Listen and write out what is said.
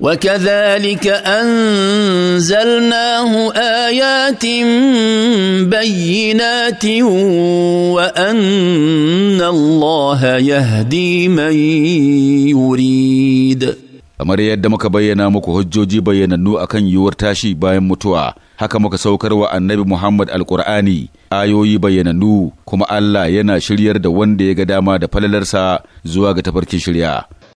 وكذلك انزلناه ايات بينات وان الله يهدي من يريد kamar yadda muka bayyana muku hujjoji bayyanannu a kan yiwuwar tashi bayan mutuwa haka muka saukar wa annabi muhammad alkur'ani ayoyi bayyanannu kuma allah yana shiryar da wanda ya ga dama da falalarsa zuwa ga tafarkin shirya